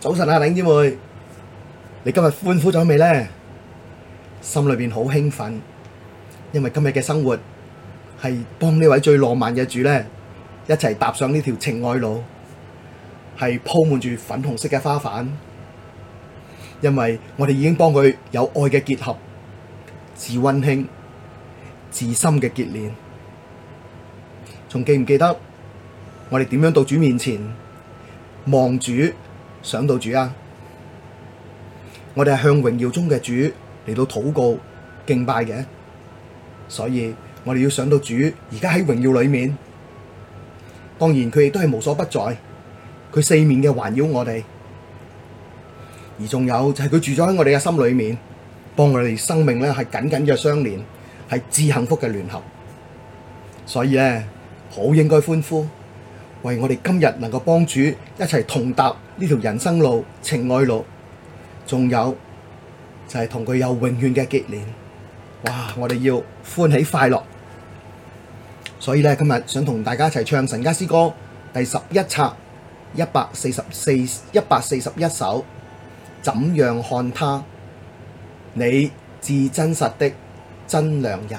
早晨啊，玲姐妹，你今日歡呼咗未呢？心裏邊好興奮，因為今日嘅生活係幫呢位最浪漫嘅主呢，一齊踏上呢條情愛路，係鋪滿住粉紅色嘅花瓣。因為我哋已經幫佢有愛嘅結合，至溫馨、至深嘅結連。仲記唔記得我哋點樣到主面前望住？想到主啊！我哋係向榮耀中嘅主嚟到禱告敬拜嘅，所以我哋要想到主。而家喺榮耀裏面，當然佢亦都係無所不在，佢四面嘅環繞我哋，而仲有就係佢住咗喺我哋嘅心裏面，幫我哋生命咧係緊緊嘅相連，係至幸福嘅聯合。所以咧、啊，好應該歡呼為我哋今日能夠幫主一齊同搭，呢條人生路、情愛路，仲有就係同佢有永遠嘅結連。哇！我哋要歡喜快樂，所以咧今日想同大家一齊唱《神家詩歌》第十一冊一百四十四、一百四十一首。怎樣看祂？你至真實的真良人。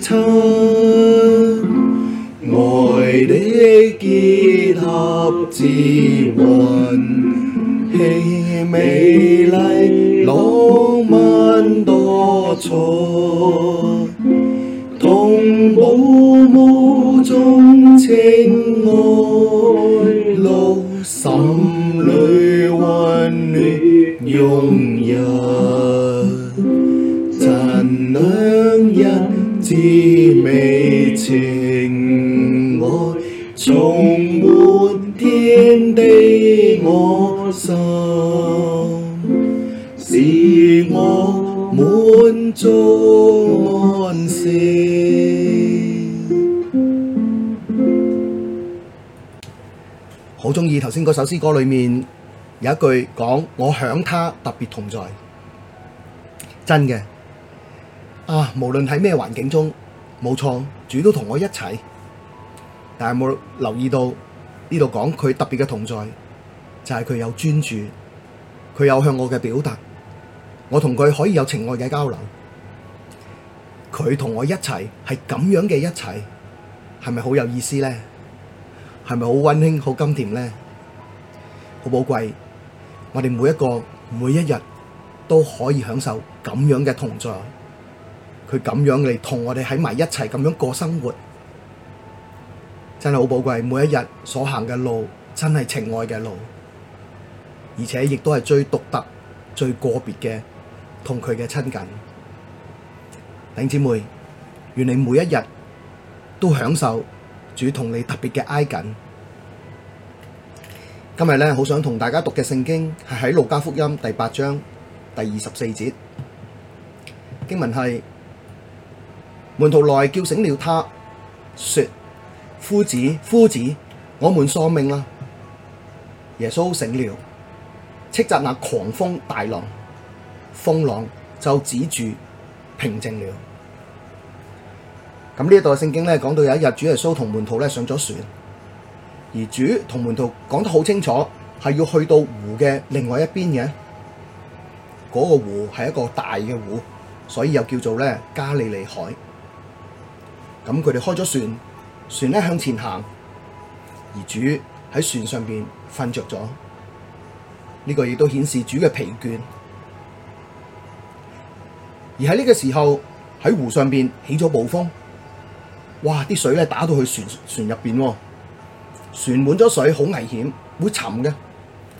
七愛的結合至溫馨，美麗浪漫多彩，同步無終情愛路，老心裡溫暖湧溢。充滿天地，使我心是我滿足，安息。好鍾意頭先嗰首詩歌裏面有一句講：我享祂特別同在，真嘅啊！無論喺咩環境中，冇錯，主都同我一齊。但係冇留意到呢度講佢特別嘅同在，就係、是、佢有專注，佢有向我嘅表達，我同佢可以有情愛嘅交流，佢同我一齊係咁樣嘅一齊，係咪好有意思呢？係咪好溫馨、好甘甜呢？好寶貴，我哋每一個每一日都可以享受咁樣嘅同在，佢咁樣嚟同我哋喺埋一齊咁樣過生活。真係好寶貴，每一日所行嘅路，真係情愛嘅路，而且亦都係最獨特、最個別嘅同佢嘅親近。弟兄姊妹，願你每一日都享受主同你特別嘅挨緊。今日呢，好想同大家讀嘅聖經係喺路加福音第八章第二十四節，經文係，門徒來叫醒了他說。夫子，夫子，我們喪命啦、啊！耶穌醒了，斥責那狂風大浪，風浪就止住，平靜了。咁呢一段聖經咧，講到有一日，主耶穌同門徒咧上咗船，而主同門徒講得好清楚，係要去到湖嘅另外一邊嘅，嗰、那個湖係一個大嘅湖，所以又叫做咧加利利海。咁佢哋開咗船。船咧向前行，而主喺船上邊瞓着咗。呢個亦都顯示主嘅疲倦。而喺呢個時候，喺湖上邊起咗暴風，哇！啲水咧打到去船船入邊，船滿咗水，好危險，會沉嘅。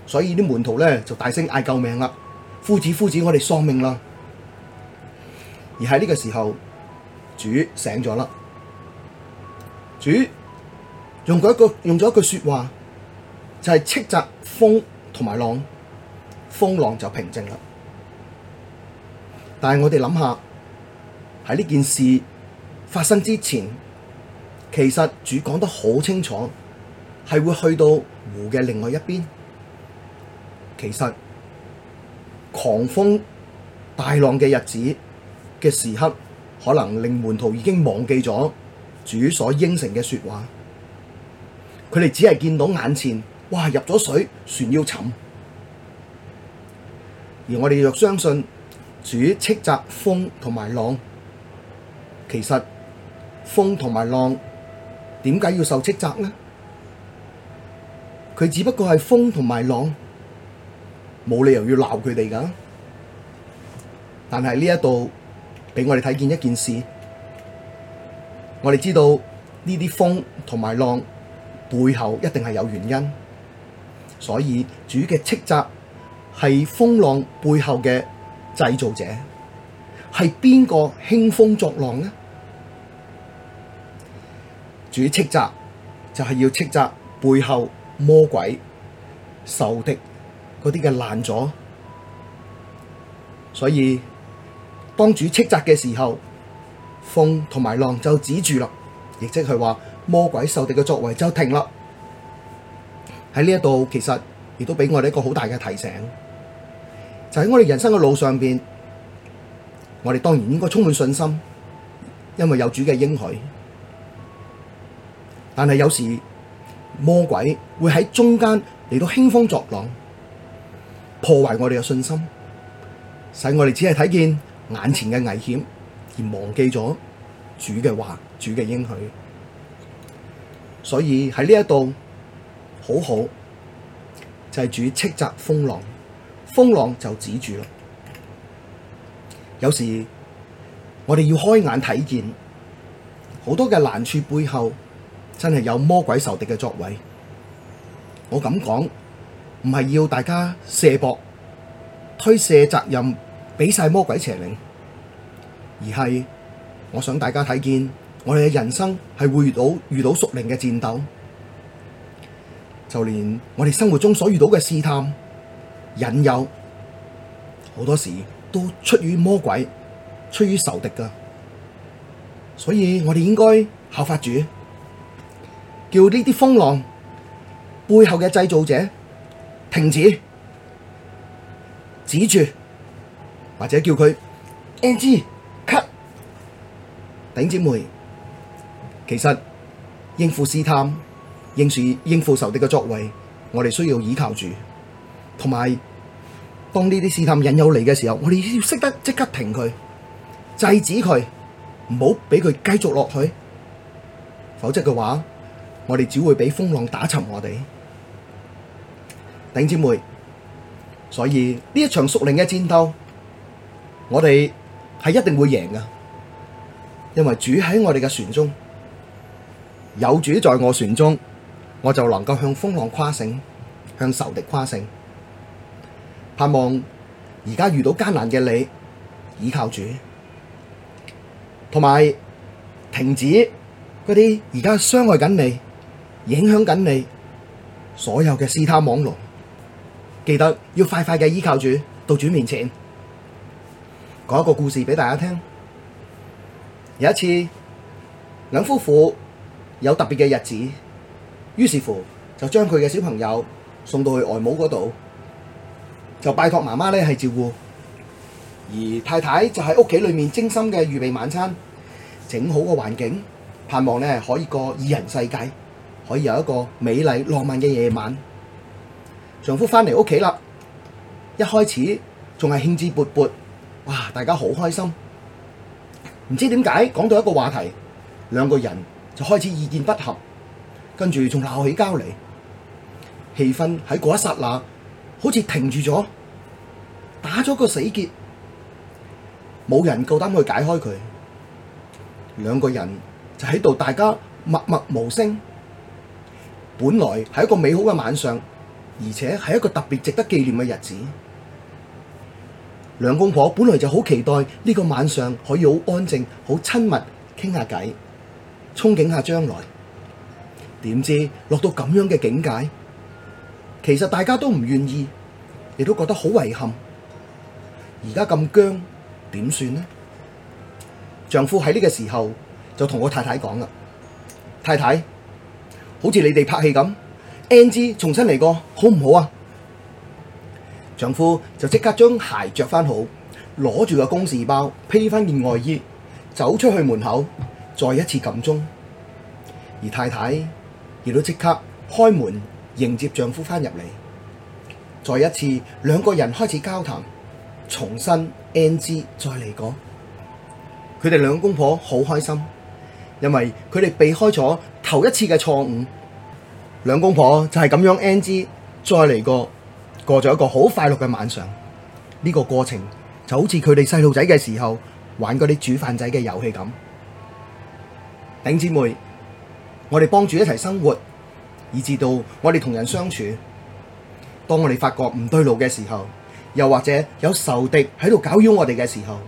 所以啲門徒咧就大聲嗌救命啦！夫子夫子，我哋喪命啦！而喺呢個時候，主醒咗啦。主用咗一，一句用咗一句說話，就係、是、斥責風同埋浪，風浪就平靜啦。但係我哋諗下，喺呢件事發生之前，其實主講得好清楚，係會去到湖嘅另外一邊。其實狂風大浪嘅日子嘅時刻，可能令門徒已經忘記咗。主所應承嘅說話，佢哋只係見到眼前，哇入咗水，船要沉。而我哋若相信主斥責風同埋浪，其實風同埋浪點解要受斥責呢？佢只不過係風同埋浪，冇理由要鬧佢哋噶㗎。但係呢一度俾我哋睇見一件事。我哋知道呢啲風同埋浪背後一定係有原因，所以主嘅斥責係風浪背後嘅製造者，係邊個興風作浪呢？主斥責就係、是、要斥責背後魔鬼仇敵嗰啲嘅爛咗，所以當主斥責嘅時候。風同埋浪就止住啦，亦即係話魔鬼受敵嘅作為就停啦。喺呢一度，其實亦都俾我哋一個好大嘅提醒，就喺我哋人生嘅路上邊，我哋當然應該充滿信心，因為有主嘅應許。但係有時魔鬼會喺中間嚟到興風作浪，破壞我哋嘅信心，使我哋只係睇見眼前嘅危險。而忘記咗主嘅話、主嘅應許，所以喺呢一度好好就係、是、主斥責風浪，風浪就止住啦。有時我哋要開眼睇見好多嘅難處背後，真係有魔鬼仇敵嘅作為。我咁講唔係要大家卸膊、推卸責任、俾晒魔鬼邪靈。而係，我想大家睇見我哋嘅人生係會遇到遇到屬靈嘅戰鬥，就連我哋生活中所遇到嘅試探、引誘，好多時都出於魔鬼、出於仇敵噶。所以我哋應該效法主，叫呢啲風浪背後嘅製造者停止、止、止住，或者叫佢 NG。頂姐妹，其實應付試探、應付應付仇敵嘅作為，我哋需要倚靠住。同埋，當呢啲試探引誘嚟嘅時候，我哋要識得即刻停佢，制止佢，唔好俾佢繼續落去。否則嘅話，我哋只會俾風浪打沉我哋。頂姐妹，所以呢一場屬靈嘅戰鬥，我哋係一定會贏㗎。因為主喺我哋嘅船中，有主在我船中，我就能夠向風浪誇勝，向仇敵誇勝。盼望而家遇到艱難嘅你，倚靠主，同埋停止嗰啲而家傷害緊你、影響緊你所有嘅試探網羅。記得要快快嘅依靠主，到主面前講一個故事俾大家聽。有一次，兩夫婦有特別嘅日子，於是乎就將佢嘅小朋友送到去外母嗰度，就拜託媽媽呢係照顧，而太太就喺屋企裏面精心嘅預備晚餐，整好個環境，盼望呢可以過二人世界，可以有一個美麗浪漫嘅夜晚。丈夫翻嚟屋企啦，一開始仲係興致勃勃，哇！大家好開心。唔知點解講到一個話題，兩個人就開始意見不合，跟住仲鬧起交嚟，氣氛喺嗰一剎那好似停住咗，打咗個死結，冇人夠膽去解開佢。兩個人就喺度大家默默無聲，本來係一個美好嘅晚上，而且係一個特別值得紀念嘅日子。兩公婆本來就好期待呢個晚上可以好安靜、好親密傾下偈，憧憬下將來。點知落到咁樣嘅境界，其實大家都唔願意，亦都覺得好遺憾。而家咁僵，點算呢？丈夫喺呢個時候就同我太太講啦：「太太，好似你哋拍戲咁，NG，重新嚟過，好唔好啊？丈夫就即刻將鞋着翻好，攞住個公事包，披翻件外衣，走出去門口，再一次撳鐘。而太太亦都即刻開門迎接丈夫翻入嚟，再一次兩個人開始交談，重新 NG 再嚟過。佢哋兩公婆好開心，因為佢哋避開咗頭一次嘅錯誤。兩公婆就係咁樣 NG 再嚟過。過咗一個好快樂嘅晚上，呢、這個過程就好似佢哋細路仔嘅時候玩嗰啲煮飯仔嘅遊戲咁。頂姊妹，我哋幫住一齊生活，以致到我哋同人相處。當我哋發覺唔對路嘅時候，又或者有仇敵喺度攪擾我哋嘅時候，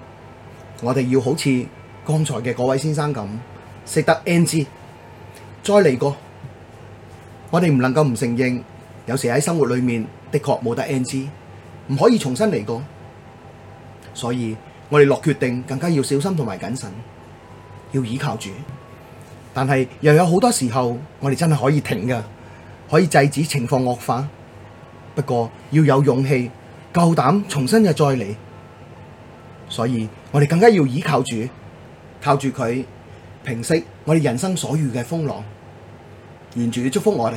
我哋要好似剛才嘅嗰位先生咁，識得 NG，再嚟過。我哋唔能夠唔承認，有時喺生活裏面。的確冇得 NG，唔可以重新嚟過，所以我哋落決定更加要小心同埋謹慎，要倚靠主。但係又有好多時候，我哋真係可以停噶，可以制止情況惡化。不過要有勇氣、夠膽重新嘅再嚟，所以我哋更加要倚靠主，靠住佢平息我哋人生所遇嘅風浪。願主祝福我哋。